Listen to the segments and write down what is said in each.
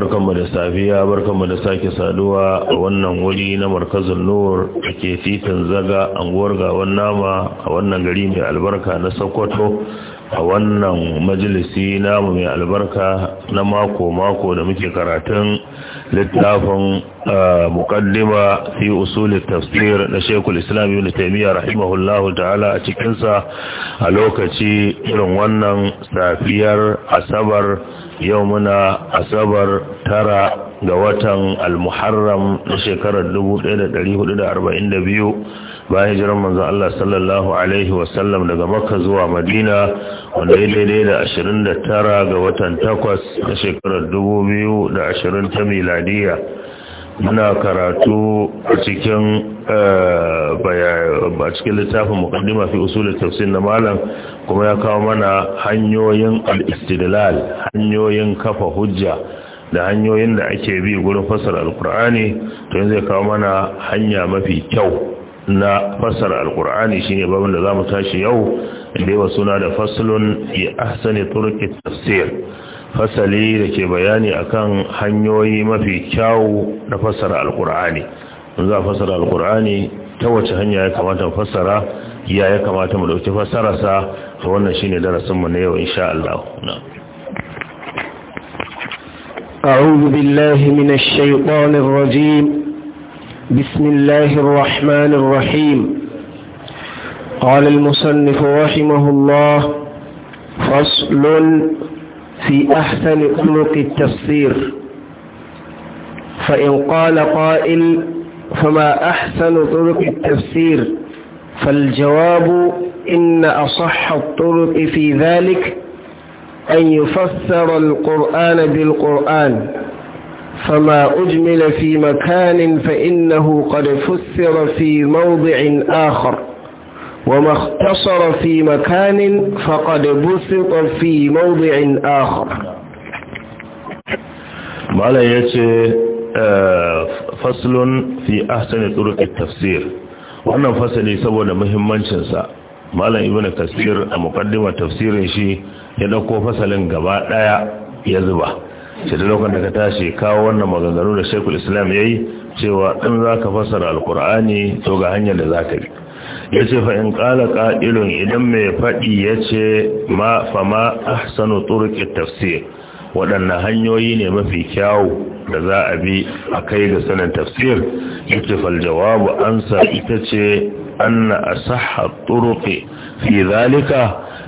barkanmu da safiya barkanmu da sake saduwa a wannan wuri na markazin nur da ke titin zaga anguwar gawan nama a wannan gari mai albarka na sokoto a wannan majalisi namu mai albarka na mako-mako da muke karatun littafin mukaddima fi usul tafsir na shekul islam ibn taymiyyah rahimahullahu ta'ala a cikinsa a lokaci irin wannan safiyar asabar yau muna asabar tara ga watan al-muharram na shekarar 1442 bayan jiran manzon Allah sallallahu alaihi wasallam daga makka zuwa madina wanda ya daidai da 29 ga watan takwas na shekarar 2020 ta miladiya muna karatu a cikin eh, a cikin littafin mukaddima fi usulul tafsir na malam kuma ya kawo mana hanyoyin al-istidlal hanyoyin kafa hujja da hanyoyin da ake bi gurin fasara alkur'ani to yanzu ya kawo mana hanya mafi kyau na fasara alkur'ani shine babin da zamu tashi yau inda yawa suna da faslun fi ahsani turqi tafsir fasali da ke bayani akan hanyoyi mafi kyawu na fassara alkur'ani za fasara fassara alkur'ani ta wace hanya ya kamata mu fasara ya ya kamata mu dauki fasara sa to wannan shine darasin mu na yau insha Allah أعوذ بالله من الشيطان الرجيم بسم الله الرحمن الرحيم قال المصنف رحمه الله فصل في أحسن طرق التفسير فإن قال قائل فما أحسن طرق التفسير فالجواب إن أصح الطرق في ذلك أن يفسر القرآن بالقرآن فما أجمل في مكان فإنه قد فسر في موضع آخر وما اختصر في مكان فقد بسط في موضع آخر مالا يتي فصل في أحسن طرق التفسير wannan fasalin saboda muhimmancinsa malam ibn kasir a mukaddimar tafsirin shi ya dauko fasalin gaba daya ya zuba shi da lokacin da ka tashi kawo wannan maganganu da shekul islam ya yi cewa in za ka fasara alkur'ani to ga hanyar da za ka bi ya ce fa'in ƙala ƙa'ilun idan mai faɗi ya ce ma fama ahsanu turki tafsir waɗannan hanyoyi ne mafi kyau da za a bi a kai ga sanin tafsir ya ce faljawabu ansa ita ce anna a sahar turki fi zalika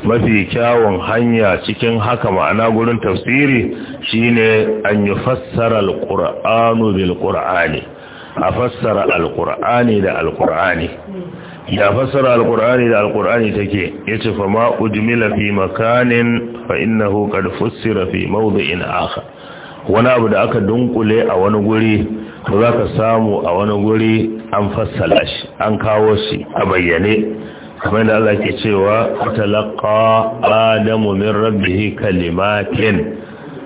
mafi kyawun hanya cikin haka ma'ana gurin tafsiri shine an yi fassara al bil-ƙura'ani a fassara alkur'ani da al da fassara alkur'ani da alkur'ani take yace fa ma ujmila fi makanin fa innahu qad fussira fi mawdi'in akhar wani abu da aka dunkule a wani guri to zaka samu a wani guri an fassala shi an kawo shi a bayyane kamar da Allah ke cewa talaqa adamu min rabbih kalimatin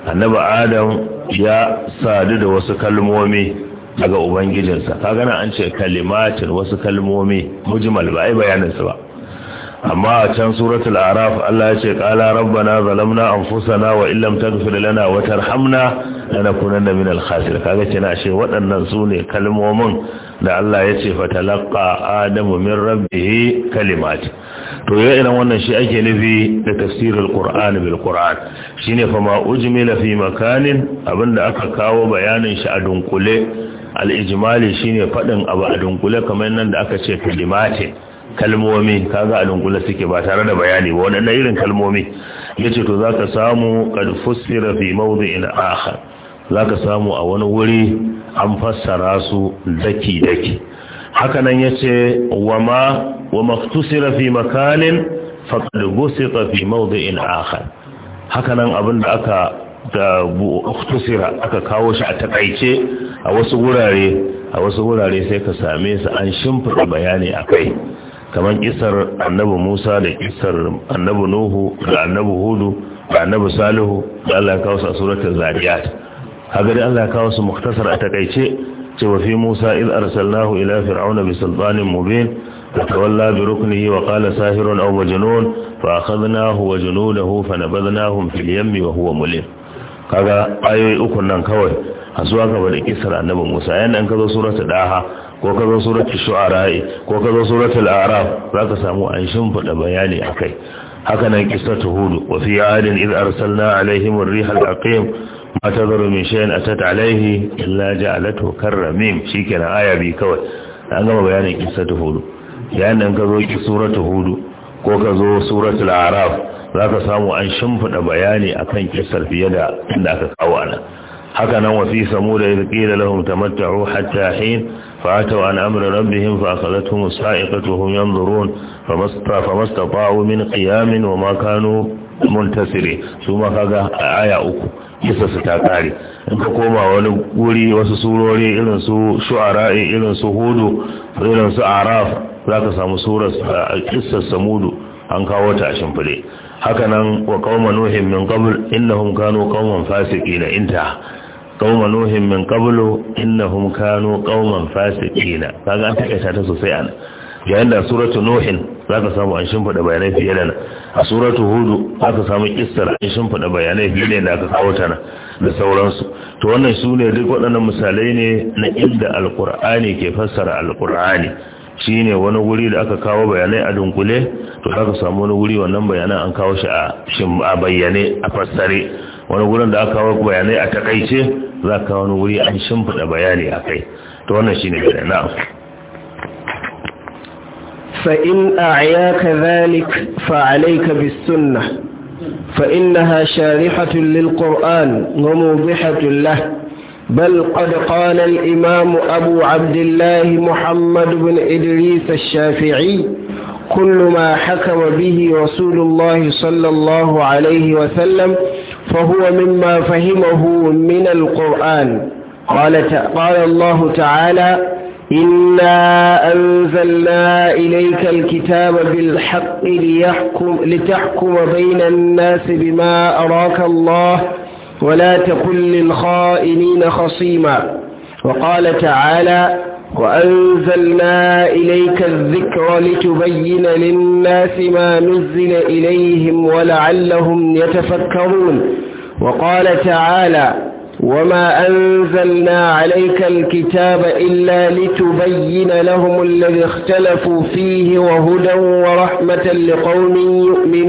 annabi adam ya sadu da wasu kalmomi daga ubangijinsa kaga na an ce kalimatin wasu kalmomi mujmal ba ai bayanin su ba amma a can suratul araf Allah ya ce qala rabbana zalamna anfusana wa illam taghfir lana wa tarhamna lanakunanna minal khasirin kaga ce na ce waɗannan su ne kalmomin da Allah ya ce fatalaqa adamu min rabbih kalimat to ya irin wannan shi ake nufi da tafsirul qur'ani bil qur'an shine fa ma ujmila fi makanin abinda aka kawo bayanin shi a dunkule al-ijmali shine faɗin abu a dunkule kamar nan da aka ce kalimatin kalmomi kaga a dunkule suke ba tare da bayani ba wadannan irin kalmomi yace to zaka samu qad fussira fi mawdi'in za ka samu a wani wuri an fassara su daki daki haka nan yace wama wa maftusira fi makanin faqad busita fi mawdi'in akhar haka hakanan abin da aka da uktusira aka kawo shi a takaice a wasu wurare a wasu wurare sai ka same su an shimfiɗa bayani a kai kamar kisar Annabu musa da kisar annabi nuhu da Annabu hudu da Annabu salihu da allah ya kawo su a suratul zariyat haka dai allah ya kawo su muktasar a takaice cewa fi musa iz arsalnahu ila fir'auna bi sultanin mubin فتولى بركنه وقال ساهر أو مجنون فأخذناه وجنوده فنبذناهم في اليم وهو mulim kaga ayoyi uku nan kawai a zuwa gaba da kisar annabi musa yanda in ka zo suratul daha ko ka zo suratul shu'ara ko ka zo suratul a'raf zaka samu an shimfida bayani akai haka nan kisatu hudu wa fi adin id arsalna alaihim ar-riha al-aqim ma tadharu min shay'in atat alayhi illa ja'alatu karramim shikenan aya bi kawai an gama bayanin kisatu hudu yayin da ka zo ki suratul hudu ko ka zo suratul a'raf za ka samu an shimfiɗa bayani a kan kisar fiye da inda aka kawo ana haka nan wafi samu da ya ƙila lahum tamatta'u hatta hin fa'atau an amri rabbihim fa akhadathum sa'iqatu hum yanzurun famastata'u min kiyamin wa makano mun muntasiri su ma kaga aya uku kisa su ta kare in ka koma wani guri wasu surori irin su shu'ara irin su hudu irin su araf za ka samu surar kisa samudu an kawo ta a shimfiɗe hakanan wa qauma nuhin min qabl innahum kanu qauman fasiqina inta qauma nuhin min qablu innahum kanu qauman fasiqina kaga an takaita ta sosai an yayin da suratu nuhin zaka samu an shimfida bayanai fiye da nan a suratu hudu zaka samu kissar an shimfida bayanai fiye da aka kawo ta nan da sauransu to wannan su ne duk waɗannan misalai ne na inda alkur'ani ke fassara alkur'ani ne wani wuri da aka kawo bayanai a dunkule to aka samu wani wuri wannan bayanan an kawo shi a bayyane a fassare wani wurin da aka kawo bayanai a takaice za ka wani wuri an shimfida bayani a kai to wannan shine da na فإن أعياك ذلك فعليك بالسنة فإنها شارحة للقرآن وموضحة له بل قد قال الإمام أبو عبد الله محمد بن إدريس الشافعي كل ما حكم به رسول الله صلى الله عليه وسلم فهو مما فهمه من القرآن قال, قال الله تعالى إنا أنزلنا إليك الكتاب بالحق ليحكم لتحكم بين الناس بما أراك الله ولا تكن للخائنين خصيما وقال تعالى وأنزلنا إليك الذكر لتبين للناس ما نزل إليهم ولعلهم يتفكرون وقال تعالى وما أنزلنا عليك الكتاب إلا لتبين لهم الذي اختلفوا فيه وهدى ورحمة لقوم يؤمنون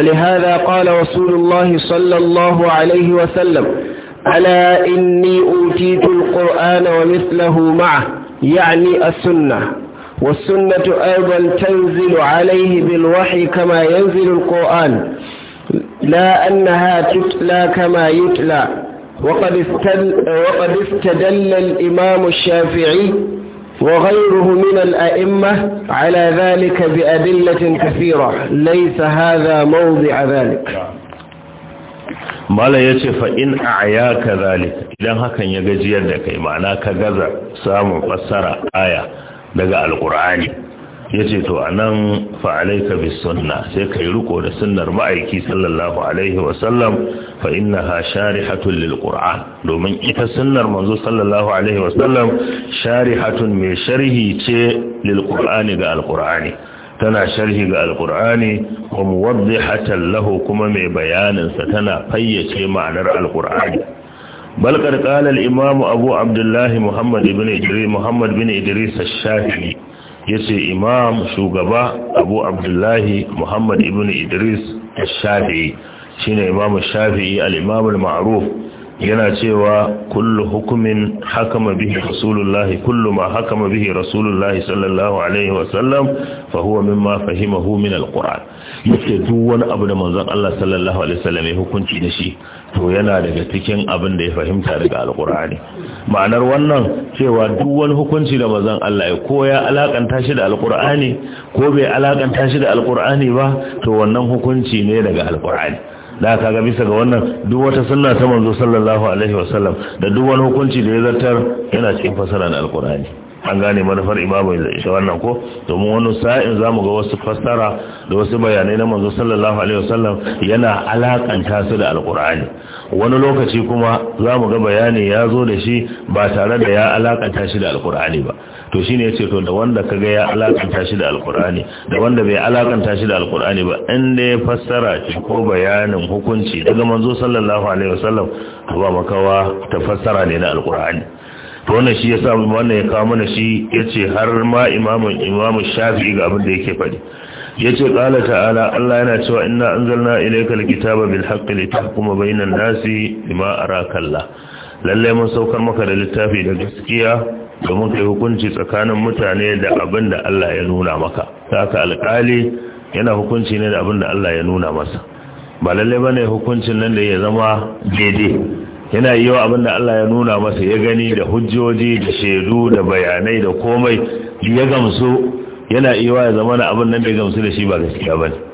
ولهذا قال رسول الله صلى الله عليه وسلم ألا إني أوتيت القرآن ومثله معه يعني السنة والسنة أيضا تنزل عليه بالوحي كما ينزل القرآن لا أنها تتلى كما يتلى وقد استدل, وقد استدل الإمام الشافعي وغيره من الأئمة على ذلك بأدلة كثيرة ليس هذا موضع ذلك ما لا يشف إن أعيا كذلك إذن هكا يجيزيان لكي معناك غذا سامو فسر آية لقاء القرآن ya ce to a nan fa'alaika bi sunna sai ka yi riko da sunnar ma'aiki sallallahu alaihi wasallam fa inna ha sharihatun lil ƙura'an domin ita sunnar manzo sallallahu alaihi wasallam sharihatun mai sharhi ce lil ga alƙura'ani tana sharhi ga kuma wa muwaddihatan lahu kuma mai bayaninsa tana fayyace ma'anar alƙur'ani bal qad qala al-imam abu abdullah muhammad bin idris muhammad Ya ce imam shugaba abu abdullahi muhammad ibn idris ash-shafi'i shine imam shafii al-imam al-ma'ruf yana cewa kullu hukumin hakama bihi rasulullahi kullu ma hakama bihi rasulullahi sallallahu alaihi wa sallam fa huwa mimma fahimahu min alquran yace duk wani abu da manzon Allah sallallahu alaihi wasallam ya hukunci da shi to yana daga cikin abin da ya fahimta daga alqurani ma'anar wannan cewa duk wani hukunci da manzon Allah ya koya alakanta shi da alqurani ko bai alakanta shi da alqurani ba to wannan hukunci ne daga alqurani da aka ga bisa ga wannan duk wata sunna ta manzo sallallahu alaihi wasallam da duk wani hukunci da ya zartar yana cikin fasara na alkur'ani an gane manufar imamu da wannan ko domin wani sa'in za mu ga wasu fassara da wasu bayanai na manzo sallallahu alaihi wasallam yana alakanta su da alkur'ani wani lokaci kuma za mu ga bayani ya zo da shi ba tare da ya alakanta shi da alkur'ani ba to shine ce to da wanda ga ya alakanta shi da alkur'ani da wanda bai alakanta shi da alkur'ani ba inda ya fassara shi ko bayanin hukunci daga manzo sallallahu alaihi wasallam ba makawa ta fassara ne na alkur'ani to wannan shi yasa wannan ya kawo mana shi yace har ma imamu imamu shafi'i ga abin da yake faɗi yace qala ta'ala Allah yana cewa inna anzalna ilayka alkitaba bil haqqi litahkuma bainan nasi bima araka Allah lalle mun saukar maka da littafi da gaskiya domin kai hukunci tsakanin mutane da abin da Allah ya nuna maka haka alƙali yana hukunci ne da abin da Allah ya nuna masa ba lalle bane hukuncin nan da ya zama daidai yana yi wa abin da Allah ya nuna masa ya gani da hujjoji da shaidu da bayanai da komai ya gamsu yana iya ya zama na abin nan da ya gamsu da shi ba gaskiya bane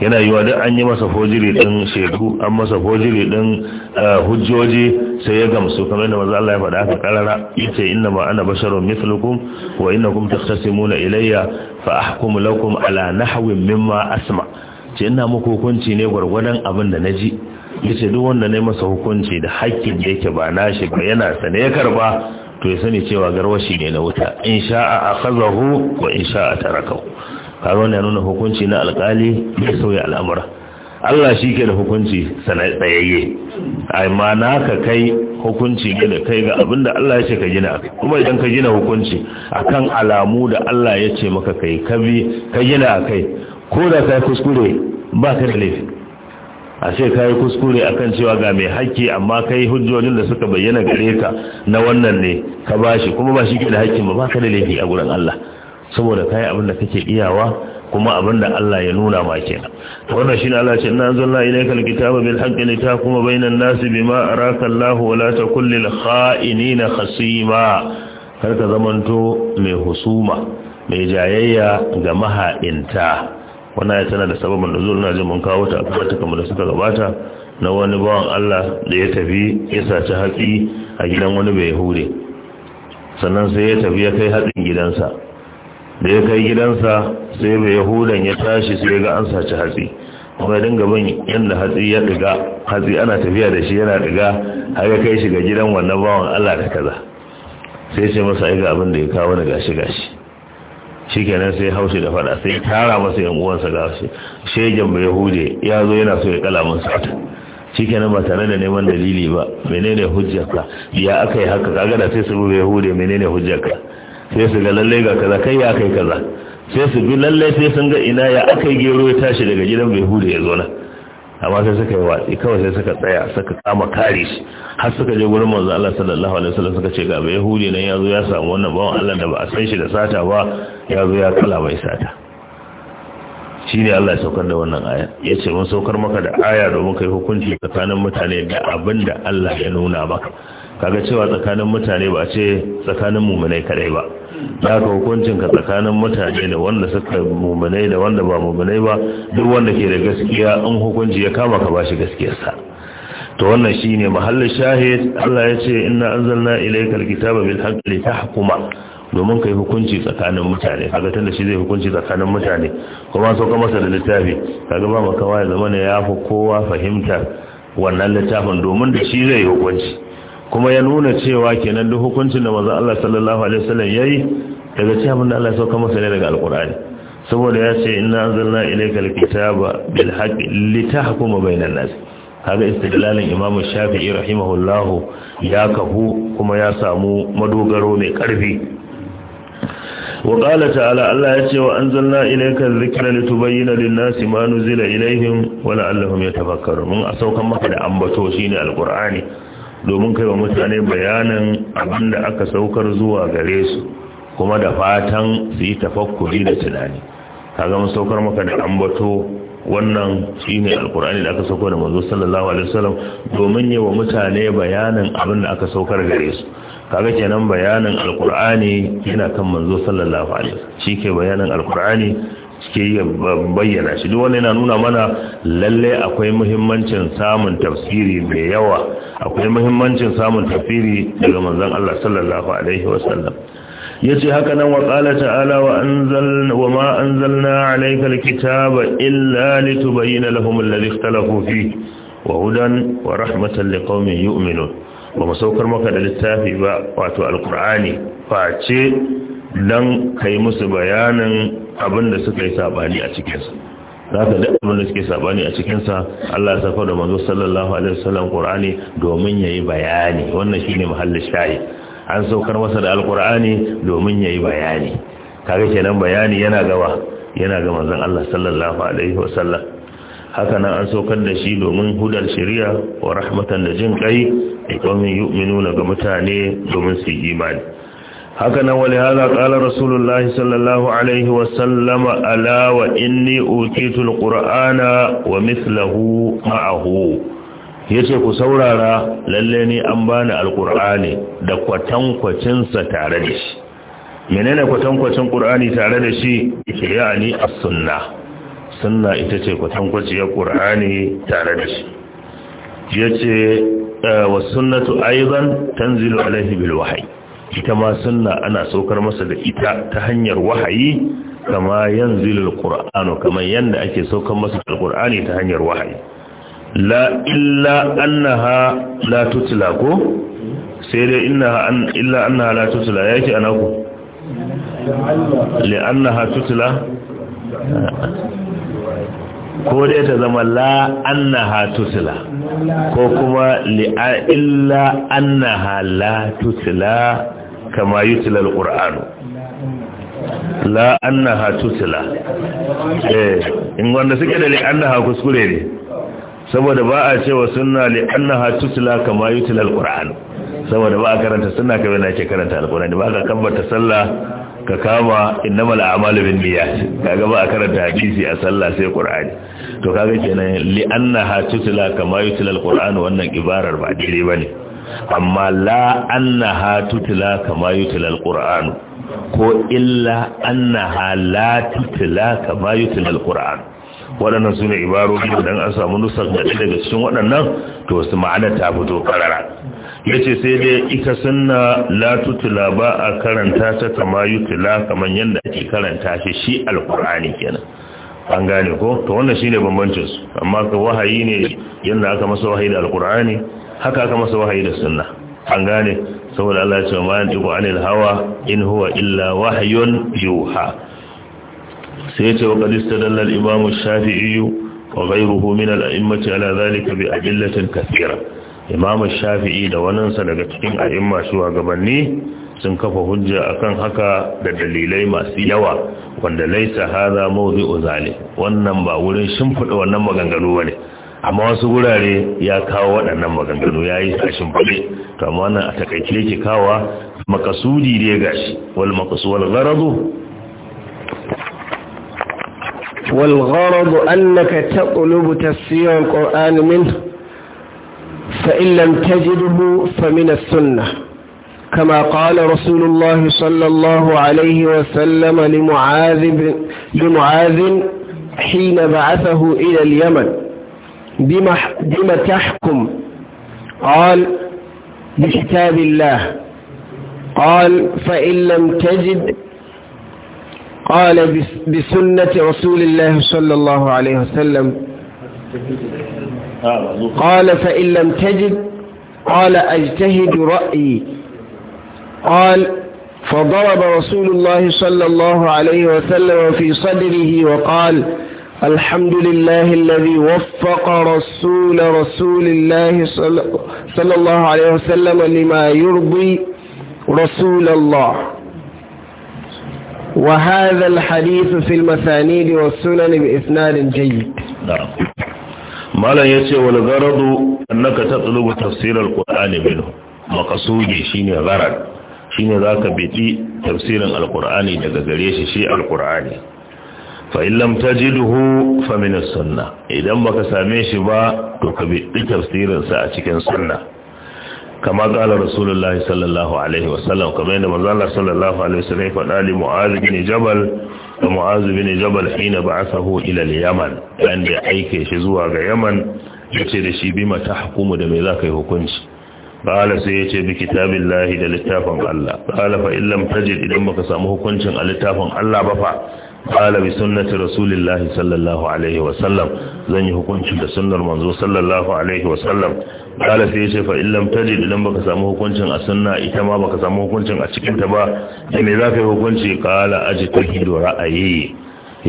yana yiwa duk an yi masa fojiri din sheku an masa fojiri ɗin eh, hujjoji sai ya gamsu kamar da maza Allah ya faɗa aka karara yace inna ma ana basharun mithlukum wa innakum takhtasimuna ilayya fa ahkumu lakum ala nahwin mimma asma ce ina muku hukunci ne gwargwadon abin da na naji yace duk wanda ne masa hukunci da hakkin da yake ba na shi ba yana sane ya karba to ya sani cewa garwashi ne na wuta in sha'a akhadahu wa in sha'a tarakahu kaga ya nuna hukunci na alkali bai sauya al'amura Allah shi ke da hukunci sanai tsayayye na ka kai hukunci gina kai ga abinda Allah ya ce ka gina kuma idan ka gina hukunci akan alamu da Allah ya ce maka kai ka bi ka gina a kai ko da ka yi kuskure ba ka da laifi a ce ka yi kuskure a kan cewa ga mai haƙƙi amma ka yi hujjojin da suka bayyana gare ka na wannan ne ka ba shi kuma ba shi ke da haƙƙin ba ba ka da laifi a gurin Allah saboda kai abin da kake iyawa kuma abin da Allah ya nuna ma kenan wannan shine Allah ce inna anzalna ilayka alkitaba bil haqqi litahkuma bainan nasi bima araka Allah wa la takul lil kha'inina khasima kar ka zamanto mai husuma mai jayayya ga maha'inta wannan ya tana da sababin da na ji mun kawo ta a kamar da suka gabata na wani bawan Allah da ya tafi ya saci hatsi a gidan wani bai hure sannan sai ya tafi ya kai hatsin gidansa da ya kai gidansa sai mai yahudan ya tashi sai ga an saci hatsi kuma dinga bin yadda hatsi ya diga hatsi ana tafiya da shi yana diga har ya kai shi ga gidan wannan bawan Allah da kaza sai ce masa ai ga abin da ya kawo ni gashi gashi shikenan sai haushi da fada sai tara masa yan uwansa gashi shegen bai yahude ya zo yana so ya kala mun sata shikenan ba tare da neman dalili ba menene hujjarka ya aka yi haka kaga da sai su bai yahude menene hujjarka sai su ga lallai ga kaza kai ya kai kaza sai su bi lallai sai sun ga ina ya akai gero ya tashi daga gidan bai hude ya zo na amma sai suka yi watsi kawai sai suka tsaya suka kama kare shi har suka je gurin manzo Allah sallallahu alaihi wasallam suka ce ga bai hude nan ya zo ya samu wannan bawan Allah da ba a san shi da sata ba ya zo ya kala mai sata shine Allah ya saukar da wannan aya yace mun saukar maka da aya domin kai hukunci tsakanin mutane da abinda Allah ya nuna maka kaga cewa tsakanin mutane ba ce tsakanin mu'minai kadai ba da ka hukuncin ka tsakanin mutane da wanda suka mumunai da wanda ba mumunai ba duk wanda ke da gaskiya in hukunci ya kama ka bashi gaskiyarsa to wannan shine mahallin shahid Allah ya ce inna anzalna ilayka alkitaba bil haqqi tahkuma domin kai hukunci tsakanin mutane kaga tunda shi zai hukunci tsakanin mutane kuma sauka masa da littafi kaga ba maka ya zama ne ya fi kowa fahimtar wannan littafin domin da shi zai hukunci kuma ya nuna cewa kenan duk hukuncin da manzon Allah sallallahu alaihi wasallam yayi daga cikin abin Allah ya sauka masa ne daga alqur'ani saboda ya ce inna anzalna ilayka alkitaba bil haqqi litahkuma bainan nas kaga istidlalin imamu shafi'i rahimahullahu ya kahu kuma ya samu madogaro mai karfi wa qala ta'ala Allah ya ce wa anzalna ilayka adh-dhikra litubayyana lin-nasi ma nuzila ilayhim wa la'allahum yatafakkarun mun saukan maka da ambato shine alqur'ani domin kai wa mutane bayanin abin da aka saukar zuwa gare su kuma da fatan su yi tafakkuri da tunani kaga mun saukar maka da ambato wannan shine alkur'ani da aka saukar da manzo sallallahu alaihi wasallam domin yi wa mutane bayanin abin da aka saukar gare su kaga kenan bayanin alkur'ani yana kan manzo sallallahu alaihi wasallam ke bayanin alkur'ani ke iya bayyana shi duk wani yana nuna mana lalle akwai muhimmancin samun tafsiri mai yawa akwai muhimmancin samun tafsiri daga manzon Allah sallallahu alaihi wasallam yace haka nan waƙala ta'ala wa ma wa ma anzalna alayka alkitaba illa litubayyana lahum alladhi ikhtalafu fihi wa hudan wa rahmatan yi yu'minun ba mu saukar maka da littafi ba wato alkur'ani. face dan kai musu bayanin abin da suka yi sabani a cikinsa za ka abin da suke sabani a cikinsa Allah ya saukar da manzo sallallahu alaihi wasallam Qur'ani domin yayi bayani wannan shine muhallin shayi an saukar masa da alqur'ani domin yayi bayani kaga kenan bayani yana gaba yana ga manzon Allah sallallahu alaihi wasallam haka nan an saukar da shi domin hudar shari'a wa rahmatan da jin kai da ga mutane domin su yi imani haka nan wali hada qala rasulullahi sallallahu alaihi wa sallama ala wa inni ukitul qur'ana wa mithluhu ma'ahu yace ku saurara lalle ni an bani alqur'ani da kwatankwacinsa sa tare da shi menene kwatankwacin qur'ani tare da shi yani as-sunna sunna ita ce kwatankwaciyar qur'ani tare da shi yace wa sunnatu aidan tanzilu alaihi bil ita ma sunna ana saukar masa da ita ta hanyar wahayi kama yanzilul qur'anu kama yanda ake saukar masa da alqur'ani ta hanyar wahayi la illa annaha la tutla ko sai dai innaha an illa annaha la tutla yake ana ku annaha tutla ko dai ta zama la annaha tutla ko kuma li illa annaha la tutla kama tilal alqur'anu la annaha tutla eh in wanda suke da li ha kuskure ne saboda ba a cewa sunna li annaha tutla kama tilal alqur'anu saboda ba a karanta sunna kamar na ke karanta alqur'ani ba ka kambata sallah ka kama innamal a'malu bin niyyat kaga ba a karanta hadisi a sallah sai qur'ani to kaga kenan li annaha tutla kama tilal alqur'anu wannan ibarar ba dire bane amma la annaha tutla kama yutla alquran ko illa annaha la tutla kama yutla alquran waɗannan sune ibarori dan an samu nusar da daga cikin waɗannan to su ma'ana ta fito karara yace sai dai ita sunna la tutla ba a karanta ta kama yutla kaman yanda ake karanta shi shi alqur'ani kenan an gane ko to wannan shine bambancin su amma ka wahayi ne yanda aka masa wahayi da alqur'ani haka aka masa wahayi da sunna an gane saboda Allah ya ce ma yanzu anil hawa in huwa illa wahyun yuha sai ya ce wa qad istadalla al-imam shafii wa ghayruhu min al-a'immati ala dhalika bi adillatin kathira imam shafii da wannan sa daga cikin a'imma gabanni sun kafa hujja akan haka da dalilai masu yawa wanda laisa hadha mawdi'u zalim wannan ba wurin shimfida wannan maganganu bane amma wasu gurare ya kawo waɗannan maganganu ya yi sashin faɗe to amma wannan a takaice yake kawo makasudi dai gashi wal makasu wal gharadu wal gharadu annaka taqlubu tafsir quran min fa in lam tajidhu fa min as-sunnah كما قال رسول الله صلى الله عليه وسلم لمعاذ, لمعاذ حين بعثه إلى اليمن بما, بما تحكم قال بكتاب الله قال فإن لم تجد قال بسنة رسول الله صلى الله عليه وسلم قال فإن لم تجد قال أجتهد رأيي قال فضرب رسول الله صلى الله عليه وسلم في صدره وقال الحمد لله الذي وفق رسول رسول الله صلى الله عليه وسلم لما يرضي رسول الله وهذا الحديث في المسانيد والسنن بإثنان جيد نعم. ما لا يتي والغرض أنك تطلب تفسير القرآن منه مقصودي شين غرض شين ذاك بيتي تفسير القرآن لك قريش شيء القرآن fa'in lam tajiduhu fa min sunna idan baka same shi ba to ka bi tafsirin sa a cikin sunna kama qala rasulullahi sallallahu alaihi wasallam kama yadda mazala Allah sallallahu alaihi wasallam ya faɗa li mu'adh bin jabal da mu'adh bin jabal hina a ila ilal yaman dan da aike shi zuwa ga yaman yace da shi bima tahkumu da me zaka yi hukunci قال سيتي da littafin allah لتافن fa قال فإن idan baka samu hukuncin a littafin allah ba fa. qala bi sunnati rasulillahi sallallahu alaihi wa sallam zan yi hukunci da sunnar manzo sallallahu alaihi wa sallam qala sai fa illam idan baka samu hukuncin a sunna ita ma baka samu hukuncin a cikin ta ba me zaka yi hukunci qala ajtahidu ra'ayi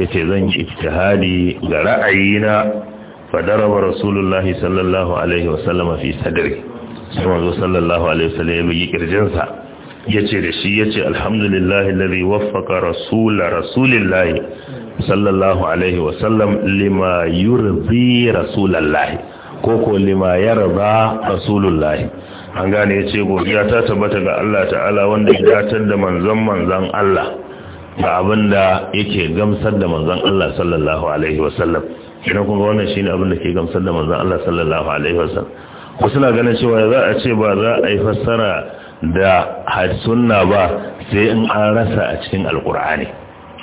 yace zan yi ijtihadi ga ra'ayina fadaraba rasulullahi sallallahu alaihi wa sallam fi sallallahu alaihi wa sallam ya yace da shi yace alhamdulillahi lalai wafaka rasula rasulillah sallallahu alaihi wa sallam lima yurzi rasulallahi koko lima yarda rasulullahi an gane ya gobe godiya ta tabbata ga Allah ta'ala wanda ya datar da manzon manzon Allah da abinda yake gamsar da manzon Allah sallallahu alaihi wa sallam idan kun ga wannan shine abin da ke gamsar da manzon Allah sallallahu alaihi wa sallam wasu na ganin cewa za a ce ba za a yi fassara da sunna ba sai in an rasa a cikin alkur'ani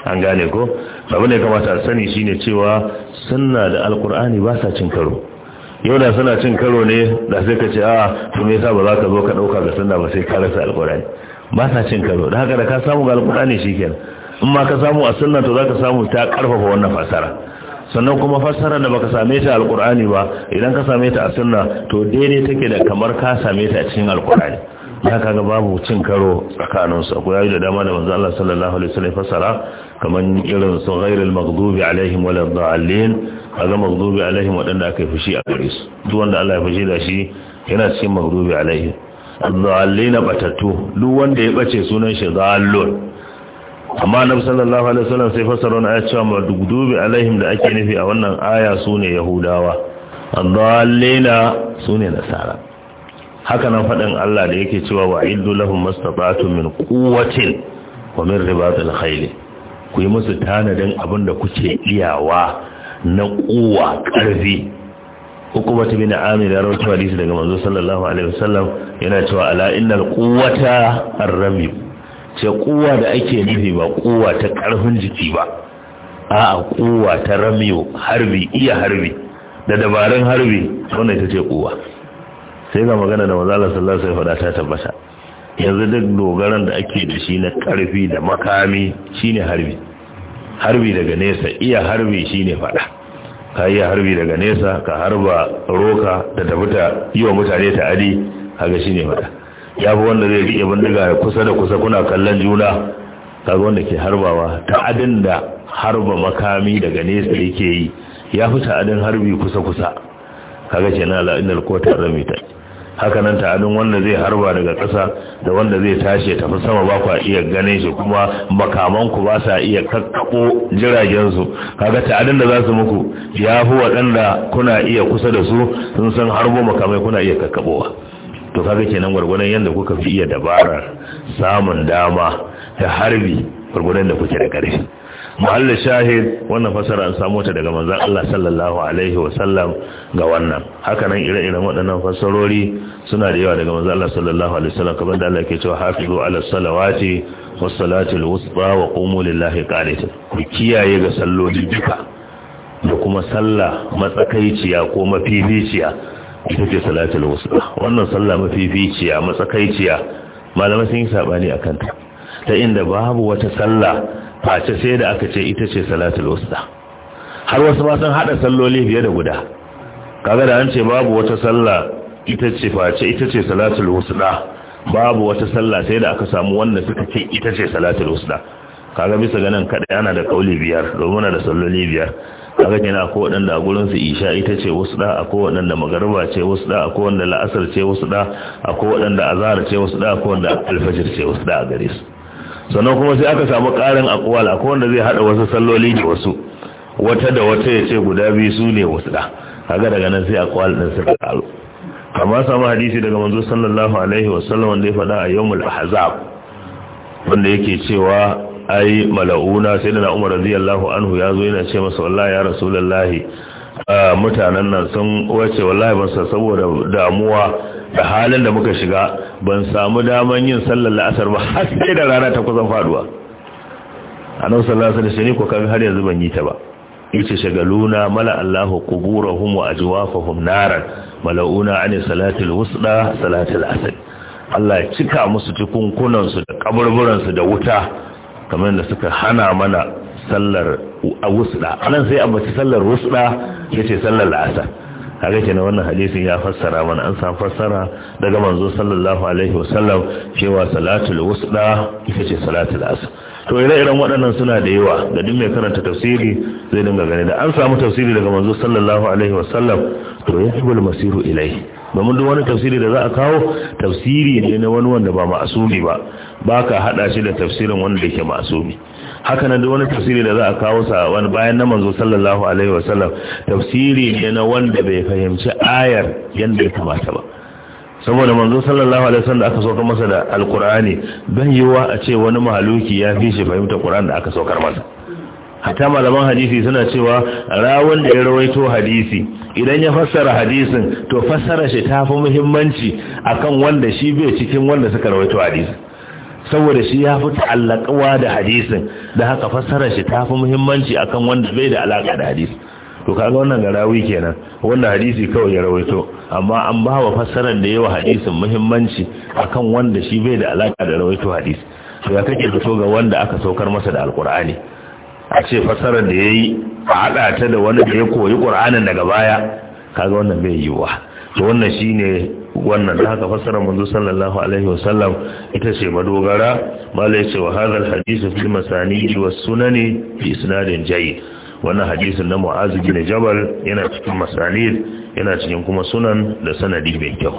an gane ko babu ne kamata a sani shine cewa sunna da alkur'ani ba sa cin karo yau da suna cin karo ne da sai ka ce a ah, to me yasa ba za ka zo ka dauka ga sunna ba sai ka rasa alqur'ani ba sa cin karo da haka da ka samu ga alqur'ani shikenan in ma ka samu a sunna to za ka samu ta karfafa wannan fasara sannan kuma fassara da baka same ta alqur'ani ba idan ka same ta a sunna to daidai take da kamar ka same ta a cikin alqur'ani ya kaga babu cin karo tsakaninsu akwai yayi da dama da manzo Allah sallallahu alaihi wasallam fasara kaman irin su ghairil maghdubi alaihim wal dhalin kaga maghdubi alaihim wadanda aka fushi a gare su duk wanda Allah ya fushi da shi yana cikin maghdubi alaihim dhalin batatu duk wanda ya bace sunan shi dhalun amma annabi sallallahu alaihi wasallam sai fasara wannan ayat cewa maghdubi alaihim da ake nufi a wannan aya sune yahudawa dhalina sune nasara haka nan faɗin Allah da yake cewa wa iddu lahum mastata'atu min quwwatin wa min ribatil khayl ku yi musu tanadin abin da kuke iyawa na kuwa karfi hukumatu bin amir ya hadisi daga manzo sallallahu alaihi wasallam yana cewa ala innal quwwata ar-rami ce kuwa da ake nufi ba kuwa ta karfin jiki ba a'a kuwa ta ramiyo harbi iya harbi da dabarun harbi wannan ita ce kuwa sai ga magana da maza Allah sallallahu alaihi wasallam ta tabbata yanzu duk dogaran da ake da shi na karfi da makami shine harbi harbi daga nesa iya harbi shine fada ka iya harbi daga nesa ka harba roka da tabbata yiwa mutane mutane adi kaga shine fada ya fi wanda zai rike bindiga kusa da kusa kuna kallon juna kaga wanda ke harbawa ta ta'adin da harba makami daga nesa yake yi ya fi ta adin harbi kusa kusa kaga kenan ala innal quwwata ramita hakanan ta'adin wanda zai harba daga kasa da wanda zai tashi tafi sama ba ku iya ganin shi kuma makaman ku ba sa iya kakkabo jiragen su kaga ta'adin da za su muku ya fi waɗanda kuna iya kusa da su sun san harbo makamai kuna iya kakkabowa to kaga kenan gwargwadon yadda kuka fi iya dabarar samun dama ta harbi gwargwadon da kuke da ƙarfi mu'alla shahid wannan fasara an samu ta daga manzon Allah sallallahu alaihi wasallam ga wannan Hakanan nan ire-iren waɗannan fasarori suna da yawa daga manzan Allah sallallahu alaihi wasallam kamar da Allah ke cewa hafizu ala salawati was salatil wusta wa qumu lillahi qanitin ku kiyaye ga salloli duka da kuma sallah matsakaiciya ko mafificiya ita ce salatul wusta wannan sallah mafificiya matsakaiciya malamai sun yi sabani akan ta ta inda babu wata sallah face sai da aka ce ita ce salatul wusta har wasu ma sun hada salloli biye da guda kaga da an ce babu wata sallah ita ce face ita ce salatul wusta babu wata sallah sai da aka samu wanda suka ce ita ce salatul wusta kaga bisa ganin kada yana da kauli biyar domin da salloli biyar kaga kina ko wadanda a gurin su isha ita ce wusta ko wadanda magariba ce wusta ko wadanda la'asar ce wusta ko wadanda azhar ce wusta ko wadanda alfajir ce wusta a gare su sannan kuma sai aka samu karin akwal akwai wanda zai haɗa wasu salloli da wasu wata da wata ya ce guda biyu su ne wasu da kaga daga nan sai akwal ɗin suka ƙaru Amma samu hadisi daga manzo sallallahu alaihi wasallam wanda ya faɗa a yawmul ahzab wanda yake cewa ai mala'una sai da umar radiyallahu anhu ya zo yana ce masa wallahi ya rasulullahi mutanen nan sun wace wallahi ba saboda damuwa da halin da muka shiga ban samu daman yin sallar la'asar ba har sai da rana ta kusan faduwa nan sallar alaihi wasallam ko kan har yanzu ban yi ta ba yace shagaluna mala Allahu quburahum wa ajwafahum naran mala'una an salati alwusda salati alasr Allah ya cika musu tukunkunan da kaburburan da wuta kamar da suka hana mana sallar wusda anan sai ambaci sallar wusda yace sallar la'asar kaga kenan wannan hadisin ya fassara mana an san fassara daga manzo sallallahu alaihi wasallam cewa salatul wusta ita ce salatul asr to ire-iren waɗannan suna da yawa da duk mai karanta tafsiri zai dinga gani da an samu tafsiri daga manzo sallallahu alaihi wasallam to yahbul masiru ilai domin duk wani tafsiri da za a kawo tafsiri ne na wani wanda ba masumi ba baka hada shi da tafsirin wanda ke masumi. haka nan duk wani tafsiri da za a kawo sa wani bayan na manzo sallallahu alaihi wasallam tafsiri ne na wanda bai fahimci ayar yanda ya kamata ba saboda manzo sallallahu alaihi wasallam da aka saukar masa da alqur'ani ban yiwa a ce wani mahaluki ya fi shi fahimta qur'an da aka saukar masa hatta malaman hadisi suna cewa rawan da ya rawaito hadisi idan ya fassara hadisin to fassara shi ta fi muhimmanci akan wanda shi bai cikin wanda suka rawaito hadisi. saboda shi ya fi ta'allakawa da hadisin da haka fassarar shi ta fi muhimmanci akan wanda bai da alaka da hadisi to kaga wannan garawi kenan wanda hadisi kawai ya rawaito amma an ba wa fassarar da yawa hadisin muhimmanci akan wanda shi bai da alaka da rawaito hadisi to ya kake fito ga wanda aka saukar masa da alkur'ani a ce fassarar da yayi a hada ta da wanda ya koyi qur'anin daga baya kaga wannan bai yiwa to wannan shine wannan da haka fasara manzo sallallahu alaihi wasallam ita ce madogara malai ce wa hadal hadisi fi masani wa sunani bi isnadin jayyid wannan hadisin na mu'az bin jabal yana cikin masanid yana cikin kuma sunan da sanadi mai kyau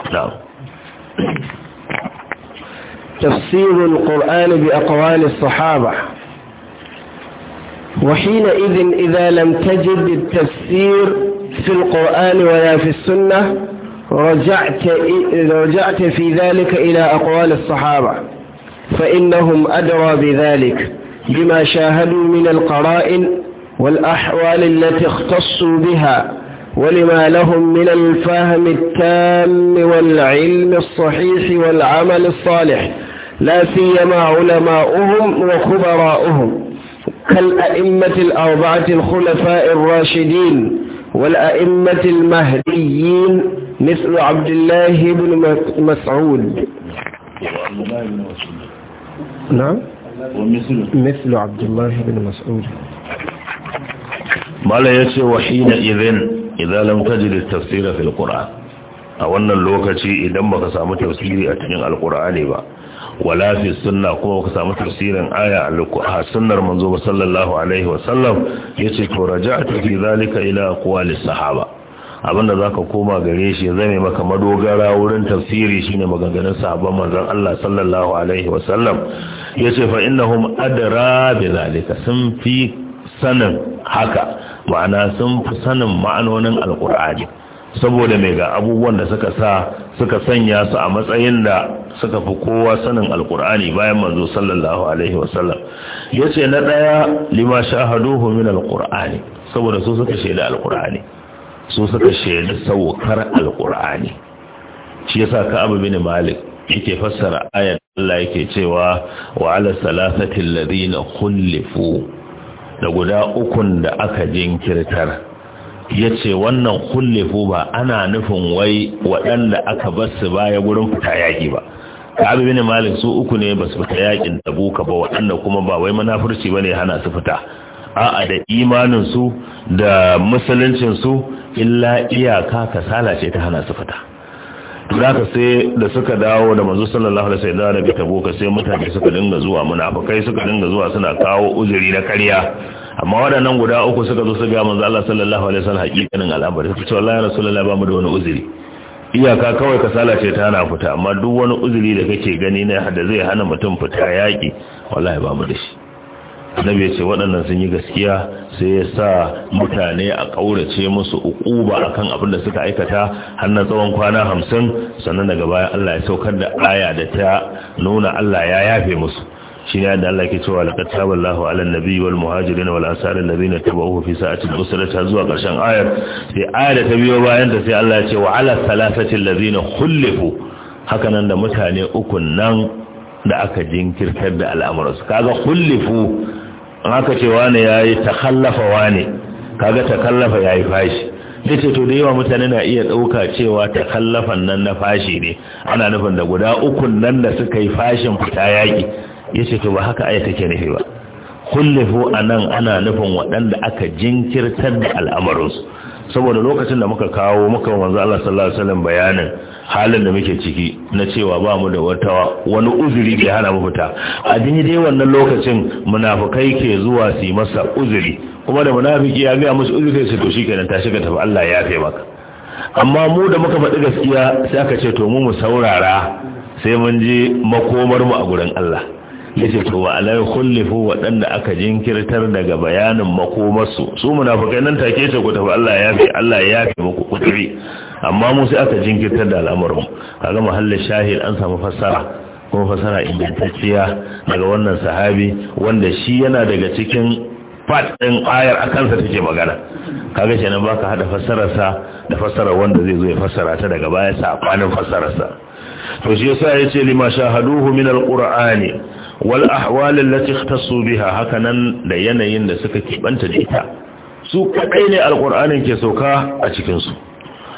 تفسير القرآن بأقوال الصحابة وحينئذ إذا لم تجد التفسير في القرآن ولا في السنة رجعت, رجعت في ذلك إلى أقوال الصحابة فإنهم أدرى بذلك بما شاهدوا من القرائن والأحوال التي اختصوا بها ولما لهم من الفهم التام والعلم الصحيح والعمل الصالح لا سيما علماؤهم وخبراؤهم كالأئمة الأربعة الخلفاء الراشدين والأئمة المهديين مثل عبد الله بن مسعود نعم ومثل مثل عبد الله بن مسعود ما لا يشي وحين إذن إذا لم تجد التفسير في القرآن أولا لوكتي lokaci idan baka samu tafsiri a cikin wala fi sunna kuma ka samu tafsirin aya a sunnar manzo ba sallallahu alaihi wasallam yace to raja'tu fi zalika ila aqwali sahaba abinda zaka koma gare shi ya zame maka madogara wurin tafsiri shine maganganun sahabban manzon Allah sallallahu alaihi wasallam yace fa innahum adra bi zalika sun fi sanin haka ma'ana sun fi sanin ma'anonin alqur'ani saboda mai ga abubuwan da suka sa suka sanya su a matsayin da suka fi kowa sanin alkur'ani bayan manzo sallallahu alaihi wasallam ya ce na ɗaya lima shahaduhu min alkur'ani saboda su suka shaida alkur'ani su suka shaida saukar alkur'ani shi yasa ka abu bin malik yake fassara ayat Allah yake cewa wa ala salasati alladhina khulifu da guda ukun da aka jinkirtar ya ce wannan hullefu ba ana nufin wai waɗanda aka basu baya wurin fita yaƙi ba ka'abu bin malik su uku ne basu fita yaƙin tabuka ba waɗanda kuma ba wai manafurci ba ne hana su fita a'a da imaninsu, da musuluncinsu, illa iyaka kasala ce ta hana su fita zaka sai da suka dawo da manzo sallallahu alaihi wasallam daga ka sai mutane suka dinga zuwa munafikai suka dinga zuwa suna kawo uzuri na karya amma waɗannan guda uku suka zo su ga manzo Allah sallallahu alaihi wasallam hakikanin al'amari sai ce wallahi rasulullahi ba mu da wani uzuri iyaka kawai kasala ce ta hana fita amma duk wani uzuri da kake gani na da zai hana mutum fita yaki wallahi ba mu da shi annabi ce waɗannan sun yi gaskiya sai ya sa mutane a ƙaurace musu uquba akan abin da suka aikata har na tsawon kwana hamsin sannan daga baya Allah ya saukar da aya da ta nuna Allah ya yafe musu shi ne da Allah ke cewa laqad Allahu ala an-nabiyyi wal muhajirin wal ansar alladhina tabauhu fi sa'ati al ta zuwa ƙarshen ayar sai aya da ta biyo bayan da sai Allah ya ce wa ala thalathati alladhina khulifu hakanan da mutane uku nan da aka jinkirtar da al'amuransu kaga kullifu an aka ce wane ya yi takallafa wani kaga takallafa ya yi fashi ta to da yawa mutane na iya ɗauka cewa takallafan nan na fashi ne ana nufin da guda uku nan da suka yi fashin fita yaki ya ce to ba haka aya take nufi ba kullifu a nan ana nufin waɗanda aka jinkirtar da su? saboda lokacin da muka kawo muka wanzu Allah sallallahu alaihi wasallam bayanin halin da muke ciki na cewa ba mu da wata wani uzuri ke hana mu fita a daidai wannan lokacin munafukai ke zuwa su masa uzuri kuma da munafuki ya gaya musu uzuri su to kenan ta ka tafi Allah ya yafe maka amma mu da muka faɗi gaskiya sai aka ce to mu mu saurara sai mun je makomar mu a gurin Allah yace to wa alai waɗanda aka jinkirtar daga bayanin makomarsu su munafukai nan take ce ku tafi Allah ya yafe Allah ya yafe muku kuturi amma mu sai aka jinkirtar da al'amarin kaga mahallin shahid an samu fassara kuma fassara ingantacciya daga wannan sahabi wanda shi yana daga cikin fat din ayar a kansa take magana kaga kenan baka hada fassararsa da fassarar wanda zai zo ya fassara ta daga baya sabanin sa. to shi yasa yace lima shahaduhu min alqur'ani wal ahwal allati ikhtassu biha hakanan da yanayin da suka kibanta da ita su kadai ne alqur'anin ke sauka a cikin su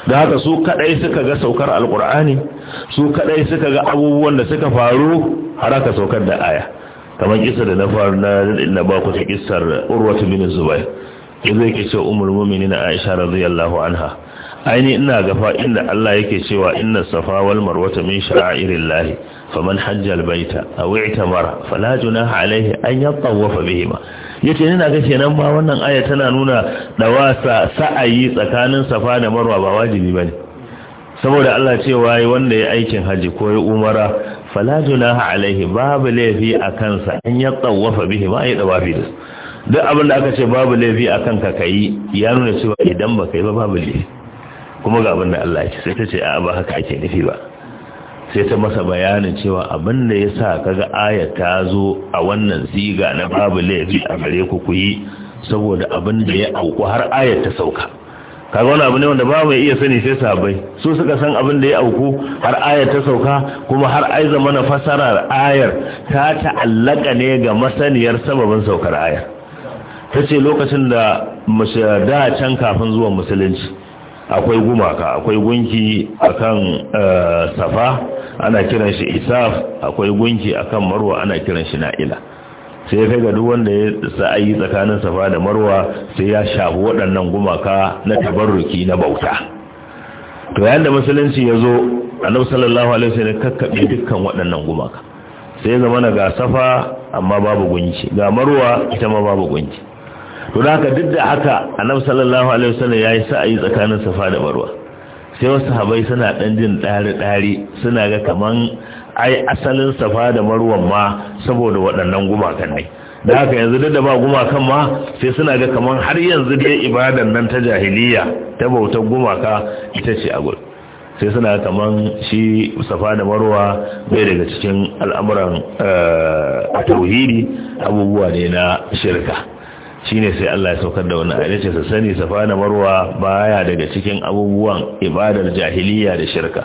da haka su kadai suka ga saukar alkur'ani su kadai suka ga abubuwan da suka faru har aka saukar da aya kamar kisa da na faru na ba ku ta kisar urwatu bin zubai yanzu yake ce umar mumini na aisha radiyallahu anha aini ina gafa inda Allah yake cewa inna safa wal marwata min sha'airillah faman hajja albayta aw i'tamara fala junaha alayhi an yatawafa bihima yace ina ga nan ba wannan aya tana nuna dawasa sa'ayi tsakanin safa da marwa ba wajibi bane saboda Allah cewa yi wanda ya aikin haji ko ya umara fala junaha alaihi babu laifi a kansa in ya tsawafa bihi ma ya dawafi da duk abin da aka ce babu laifi a kanka kai ya nuna cewa idan ba kai ba babu laifi kuma ga abin da Allah ya ce sai ta ce a ba haka ake nufi ba sai ta masa bayanin cewa abin da ya sa kaga aya ta zo a wannan siga na babu laifi a gare ku ku yi saboda abin da ya auku har aya ta sauka kaga wani abu ne wanda ba mai iya sani sai sabai su suka san abin da ya auku har ayar ta sauka kuma har ai zamana fasarar ayar ta ta'allaka ne ga masaniyar sababin saukar ayar ta ce lokacin da da can kafin zuwa musulunci akwai gumaka akwai gunki akan eh, safa ana kiran shi isaf akwai gunki akan marwa ana kiran shi na'ila sai ya kai ga duk wanda ya sa'ayi tsakanin safa da marwa sai ya shafi waɗannan gumaka na tabarruki na bauta to yayin da musulunci ya zo annabi sallallahu alaihi wasallam kakkabe dukkan waɗannan gumaka sai zama ga safa amma babu gunki ga marwa ita ma babu gunki to da haka duk da haka annabi sallallahu alaihi wasallam yayi sa'ayi tsakanin safa da marwa sai wasu habai suna ɗan jin ɗari-ɗari suna ga kaman ai asalin safa da marwan ma saboda waɗannan gumakan ne da haka yanzu duk da ba gumakan ma sai suna ga kaman har yanzu dai ibadan nan ta jahiliya ta bautar gumaka ita ce a gudu sai suna ga kaman shi safa da marwa bai daga cikin al'amuran eh, a tauhidi abubuwa ne na shirka shine sai Allah ya saukar da wannan ayyace su sani safana marwa baya daga cikin abubuwan ibadar jahiliya da shirka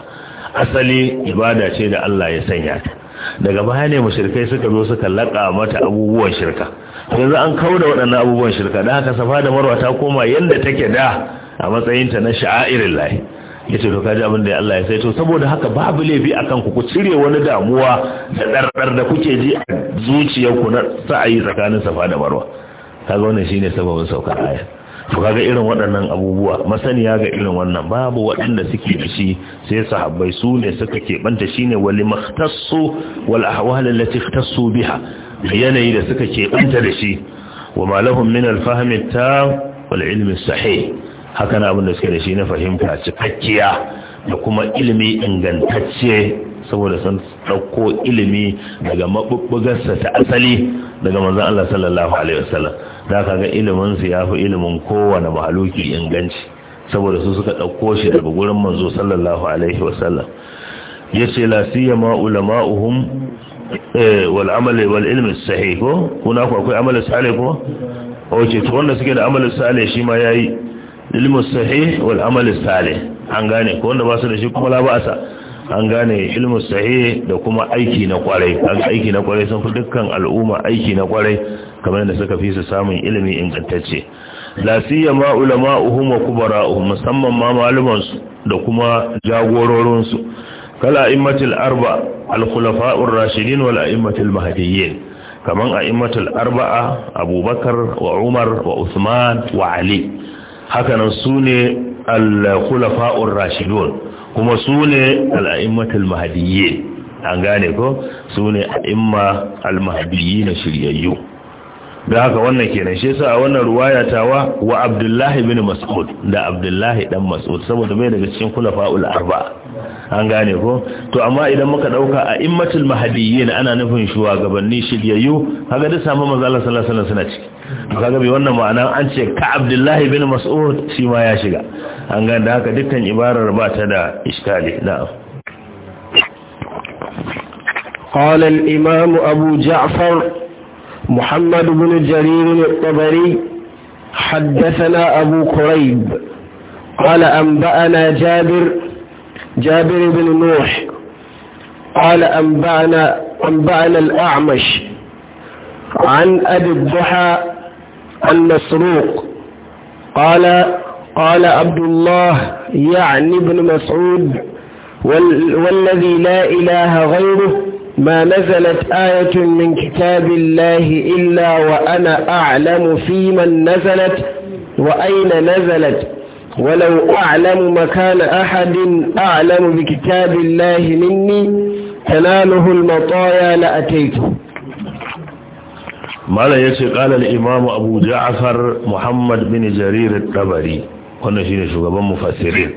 asali ibada ce da Allah ya sanya ta daga baya ne mushrikai suka zo suka laƙa mata abubuwan shirka yanzu an kauda waɗannan abubuwan shirka da haka safana marwa ta koma yanda take da a matsayinta na sha'a'irin lahi yace to kaji abin da Allah ya saito saboda haka babu laifi akan ku ku cire wani damuwa da dardar da kuke ji a zuciyarku na sa'ayi tsakanin safa da marwa kaga wannan shine sababin saukar aya to kaga irin waɗannan abubuwa masaniya ga irin wannan babu waɗanda suke da shi sai sahabbai su ne suka keɓanta shine wali makhtassu wal ahwal allati ikhtassu biha yanayi da suka keɓanta da shi wa ma lahum min al fahmi at wal ilmi sahih haka na abin da suke da shi na fahimta cikakkiya da kuma ilimi ingantacce saboda sun dauko ilimi daga sa ta asali daga manzon Allah sallallahu Alaihi wasallam za ka ga iliminsu ya fi ilimin kowane mahaluki inganci saboda su suka ɗauko shi daga gurin manzo sallallahu alaihi wasallam ya ce lasiya ma uhun eh, wal amale wal ilimin sahih ko kuna ku akwai amalin salih kuma oke to wanda suke da amalin salih shi ma ya yi ilimin sahi wal amali salih an gane ko wanda ba su da shi kuma laba asa an gane ilimin sahi da kuma aiki na kwarai aiki na kwarai sun fi dukkan al'umma aiki na kwarai kamar da suka fi su samun ilimi ingantacce la siyama ulama'uhum wa kubara'uhum musamman ma malumansu da kuma jagororinsu su kala immatul arba al-khulafa'ur rashidin wal a'immatul mahdiyyin kaman a'immatul arba'a abubakar wa umar wa usman wa ali hakanan sune al-khulafa'ur rashidun kuma sune al-a'immatul mahdiyyin an gane ko sune a'imma al-mahdiyyin shiryayyu da haka wannan kenan shi yasa wannan ruwaya tawa wa Abdullahi bin Mas'ud da Abdullahi dan Mas'ud saboda bai daga cikin kulafa'ul arba an gane ko to amma idan muka dauka a immatul mahdiyyin ana nufin shugabanni shiryayyu kaga duk samu manzo Allah sallallahu alaihi wasallam suna ciki kaga bai wannan ma'ana an ce ka Abdullahi bin Mas'ud shi ma ya shiga an gane da haka dukkan ibarar ba ta da iskali na'am قال الإمام أبو جعفر محمد بن جرير الطبري حدثنا أبو كريب قال أنبأنا جابر جابر بن نوح قال أنبأنا, أنبأنا الأعمش عن أبي الضحى المسروق قال قال عبد الله يعني ابن مسعود والذي لا إله غيره ما نزلت آية من كتاب الله إلا وأنا أعلم فيمن نزلت وأين نزلت ولو أعلم مكان أحد أعلم بكتاب الله مني تناله المطايا لأتيته ما لا يسي قال الإمام أبو جعفر محمد بن جرير الطبري وانا شيني شغبان مفسرين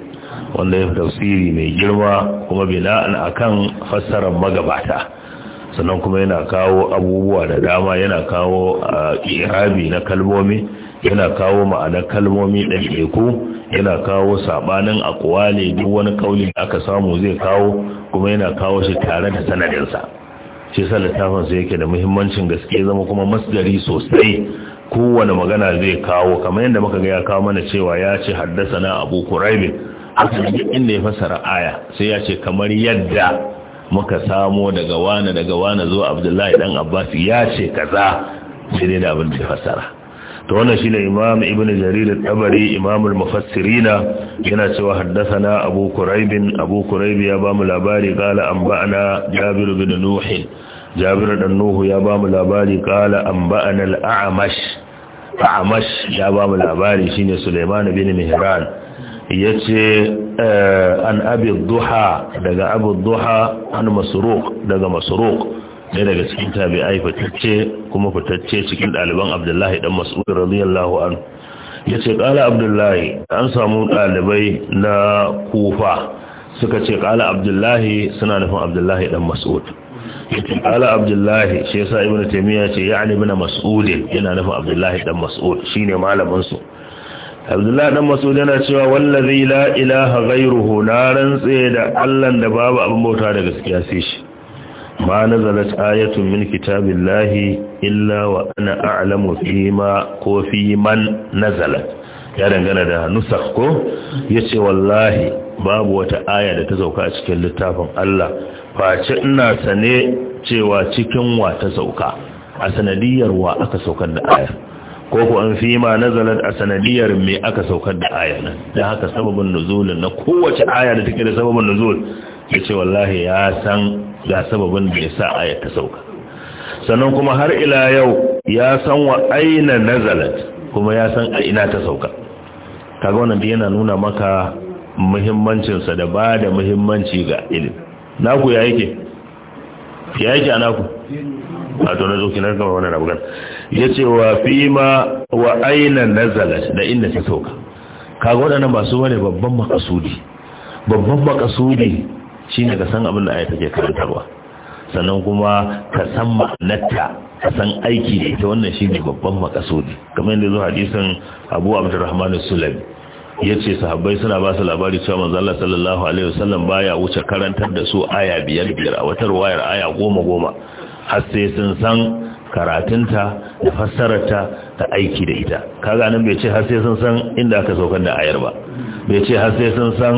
wanda ya fi tafsiri mai girma kuma bina'an akan fassarar magabata sannan kuma yana kawo abubuwa da dama yana kawo irabi na kalmomi yana kawo ma'anar kalmomi ɗaiɗaiku yana kawo saɓanin akwale duk wani kauli da aka samu zai kawo kuma yana kawo shi tare da sanadinsa shi sa littafin su yake da muhimmancin gaske zama kuma masdari sosai kowane magana zai kawo kamar yadda muka ga ya kawo mana cewa ya ce haddasa na abu kuraibin inda ya fasara aya sai ya ce kamar yadda muka samo daga wani daga wani zuwa abdullahi dan abbas ya ce kaza sai dai da abin da ya fasara to wannan shine imam ibn jarir at-tabari imam al-mufassirin yana cewa haddathana abu kurayb abu kurayb ya ba mu labari qala anba'ana jabir bin nuh jabir dan nuh ya ba mu labari qala anba'ana al-a'mash a'mash ya ba mu labari shine sulaiman bin mihran ya ce eh, an abin daga abin an masuruk daga masuruk ne daga cikin tabi'ai fitacce kuma fitacce cikin ɗaliban abdullahi ɗan mas'ud radiyallahu an ya ce ƙala abdullahi an samu ɗalibai na kufa suka ce ƙala abdullahi suna nufin abdullahi ɗan mas'ud ƙala abdullahi shi yasa ibnu taymiya ce ya'ni ibn Mas'udin yana nufin abdullahi dan mas'ud shine malamansu. abdullahi dan masud yana cewa wallazi la ilaha ghayruhu na rantse da Allah da babu abin bauta da gaskiya sai shi ma nazalat ayatun min kitabillahi illa wa ana a'lamu fima ko fi man nazalat ya dangana da nusakh ko yace wallahi babu wata aya da ta sauka a cikin littafin Allah face ina sane cewa cikin wa ta sauka a sanadiyar wa aka saukar da ayar ko ku an fi ma nazalat a sanadiyar me aka saukar da aya nan dan haka sababin nuzulin na kowace aya da take da sababin nuzul ya ce wallahi ya san ga sababin da ya aya ta sauka sannan kuma har ila yau ya san wa aina nazalat kuma ya san a ina ta sauka kaga wannan yana nuna maka muhimmancinsa da ba da muhimmanci ga ilimi naku ya yake yayi ke a naku a to na zo kinar ga wannan abu ya ce wa fi ma wa aina nazalat da inda ta sauka kaga waɗannan masu wane babban makasudi babban makasudi shi ne ka san abin da ayata ke karantarwa sannan kuma ka san ma'anarta ka san aiki da ita wannan shi ne babban makasudi kamar yadda zo hadisin Abu Abdurrahman ya ce sahabbai suna ba su labari cewa manzo sallallahu alaihi wasallam baya wuce karantar da su aya biyar biyar a watar wayar aya goma goma har sai sun san karatunta da fassararta da aiki da ita kaga nan bai ce har sai sun san inda aka saukar da ayar ba bai ce har sai sun san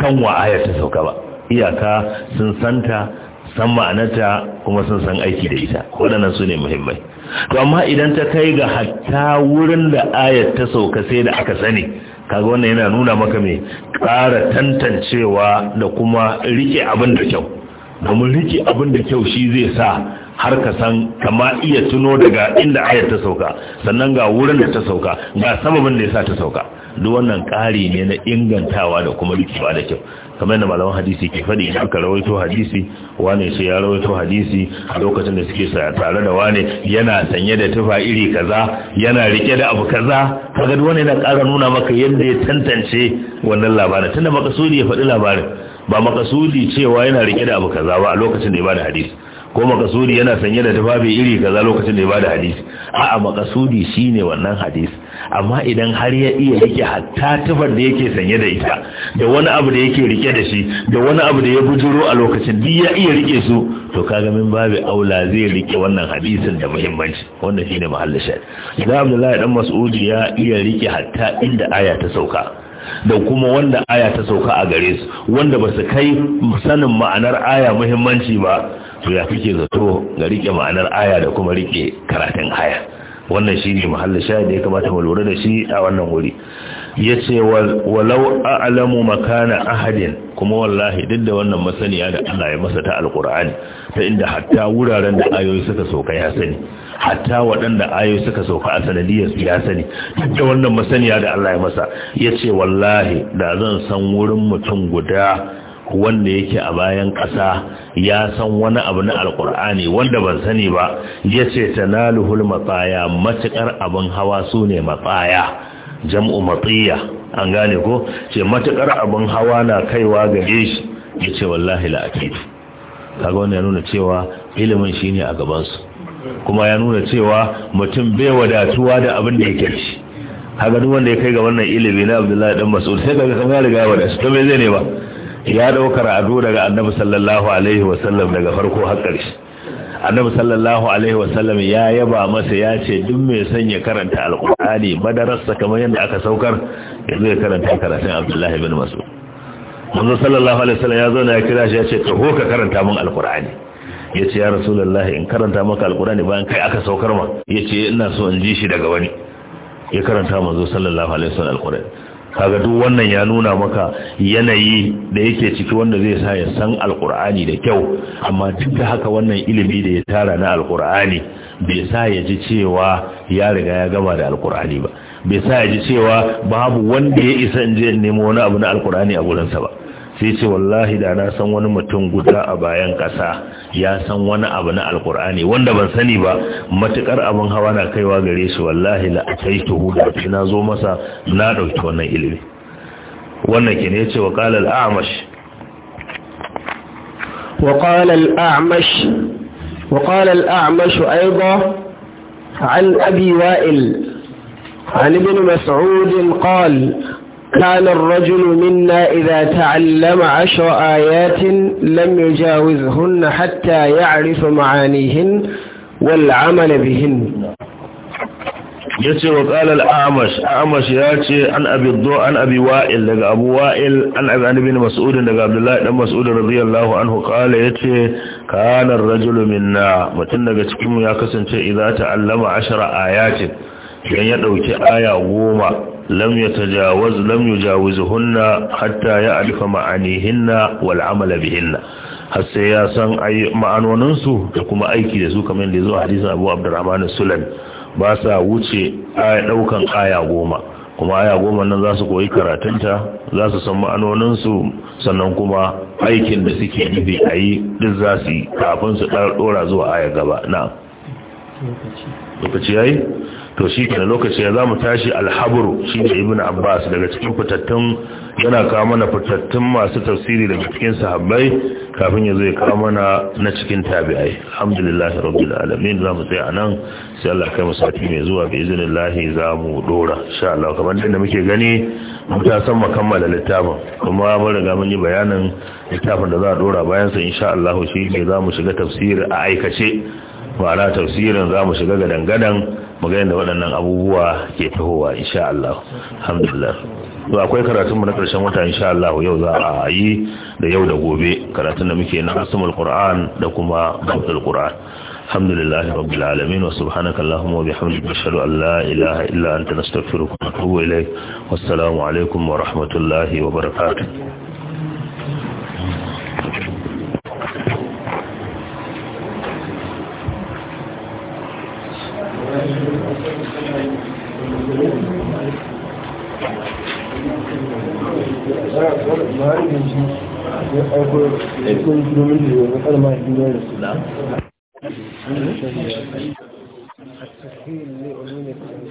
kan wa ayar ta sauka ba iyaka sun santa san ma'anarta kuma sun san aiki da ita waɗannan su ne muhimmai to amma idan ta kai ga hatta wurin da ayar ta sauka sai da aka sani kaga wannan yana nuna maka mai ƙara tantancewa da kuma rike abin da kyau domin rike abin da kyau shi zai sa har ka san kama iya tuno daga inda ayar ta sauka sannan ga wurin da ta sauka ga sababin da sa ta sauka duk wannan ƙari ne na ingantawa da kuma rikewa da kyau kamar yadda malaman hadisi ke faɗi idan aka rawaito hadisi wane sai ya rawaito hadisi a lokacin da suke tare da wane yana sanye da tufa iri kaza yana rike da abu kaza kaga duk wani yana ƙara nuna maka yadda ya tantance wannan labarin tunda makasudi ya faɗi labarin ba makasudi cewa yana rike da abu kaza ba a lokacin da ya bada hadisi ko makasudi yana sanye da tufafi iri kaza lokacin da ya bada hadisi a'a makasudi shine wannan hadisi amma idan har ya iya rike hatta tufar da yake sanye da ita da wani abu da yake rike da shi da wani abu da ya bujuro a lokacin duk ya iya rike su to kaga min babu aula zai rike wannan hadisin da muhimmanci wannan shine mahallin shahid da Abdullahi dan Mas'udi ya iya rike hatta inda aya ta sauka da kuma wanda aya ta sauka a gare su wanda ba su kai sanin ma'anar aya muhimmanci ba to ya kike zato ga rike ma'anar aya da kuma rike karatun aya wannan shi ne mahallin sha da ya kamata mu lura da shi a wannan wuri ya ce walau a'lamu makana ahadin kuma wallahi duk da wannan masaniya da Allah ya masa ta alkur'ani ta inda hatta wuraren da ayoyi suka soka ya sani hatta waɗanda ayoyi suka soka a sanadiyar ya sani duk da wannan masaniya da Allah ya masa ya ce wallahi da zan san wurin mutum guda wanda yake a bayan ƙasa ya san wani abu na alkur'ani wanda ban sani ba ya ce naluhul matsaya matuƙar abin hawa su ne matsaya jam'u matsiya an gane ko ce matuƙar abin hawa na kaiwa gare shi ya ce wallahi la'akidu kaga wanda ya nuna cewa ilimin shine a gabansu kuma ya nuna cewa mutum bai wadatuwa da abin da yake shi haka wanda ya kai ga wannan ilimi na abdullahi dan mas'ud sai kaga kamar ya riga wadatu to me zai ne ba ya ɗaukar adu daga annabi sallallahu alaihi wasallam daga farko har ƙarshe annabi sallallahu alaihi wasallam ya yaba masa ya ce duk mai son ya karanta alƙur'ani madarasa kamar yadda aka saukar yanzu ya karanta karatun abdullahi bin mas'ud manzo sallallahu alaihi wasallam ya zo na ya kira shi ya ce taho ka karanta mun alƙur'ani ya ce ya rasulullahi in karanta maka alkurani bayan kai aka saukar ma ya ce ina so in ji shi daga wani ya karanta manzo sallallahu alaihi wasallam alkurani kaga duk wannan ya nuna maka yanayi da yake ciki wanda zai sa ya san alkur'ani da kyau amma duk da haka wannan ilimi da ya tara na alkur'ani bai sa ya ji cewa ya riga ya gama da alkur'ani ba bai sa ya ji cewa babu wanda ya isa in je in nemo wani abu na alkur'ani a gurinsa ba sai ce wallahi da na san wani mutum guda a bayan kasa ya san wani abu na alkur'ani wanda ban sani ba matukar abin hawa na kaiwa gare shi wallahi la ataituhu huda na zo masa na dauki wannan ilimi wannan ke ne ce wa qala al-a'mash wa qala al-a'mash wa qala al-a'mash aidan عن أبي وائل عن ابن مسعود قال كان الرجل منا إذا تعلم عشر آيات لم يجاوزهن حتى يعرف معانيهن والعمل بهن yace wa qala al-amash amash yace an abi dhu an abi wa'il daga abu wa'il an abi ibn mas'ud daga abdullahi dan mas'ud radiyallahu anhu qala yace kana ar-rajulu daga cikin ya kasance idza ta'allama 10 ayatin dan ya dauki aya goma لم يتجاوز لم يجاوزهن حتى يعرف معانيهن والعمل بهن bihinna har sai ya san ma'anoninsu da kuma aiki da su kamar da zuwa hadisin Abu Abdurrahman Sulan ba sa wuce aya daukan aya goma kuma aya goma nan za su koyi karatunta za su san ma'anoninsu sannan kuma aikin da suke nufi a yi duk za su yi kafin su dora zuwa aya gaba na lokaci yayi to shi ke lokaci ya za mu tashi alhaburu shi ne ibn abbas daga cikin fitattun yana kawo mana fitattun masu tafsiri daga cikin sahabbai kafin ya zai kawo mana na cikin tabi'ai alhamdulillah rabbil alamin za mu tsaya nan sai Allah kai mu sati mai zuwa bi iznillahi za mu dora insha Allah kamar da muke gani mu ta san makammala littafin kuma mun riga mun yi bayanin littafin da za a dora bayan sa insha Allah shi ne za mu shiga tafsiri a aikace ma'ana tafsirin za mu shiga gadan gadan maganin da waɗannan abubuwa ke tahowa insha Allah alhamdulillah to akwai karatunmu na karshen wata insha Allah yau za a yi da yau da gobe karatun da muke na asmul qur'an da kuma dabtul qur'an alhamdulillah rabbil alamin wa subhanaka allahumma wa bihamdika ashhadu an la ilaha illa anta nastaghfiruka wa atubu ilayk wassalamu alaikum wa rahmatullahi wa barakatuh نعم. التسهيل لأمور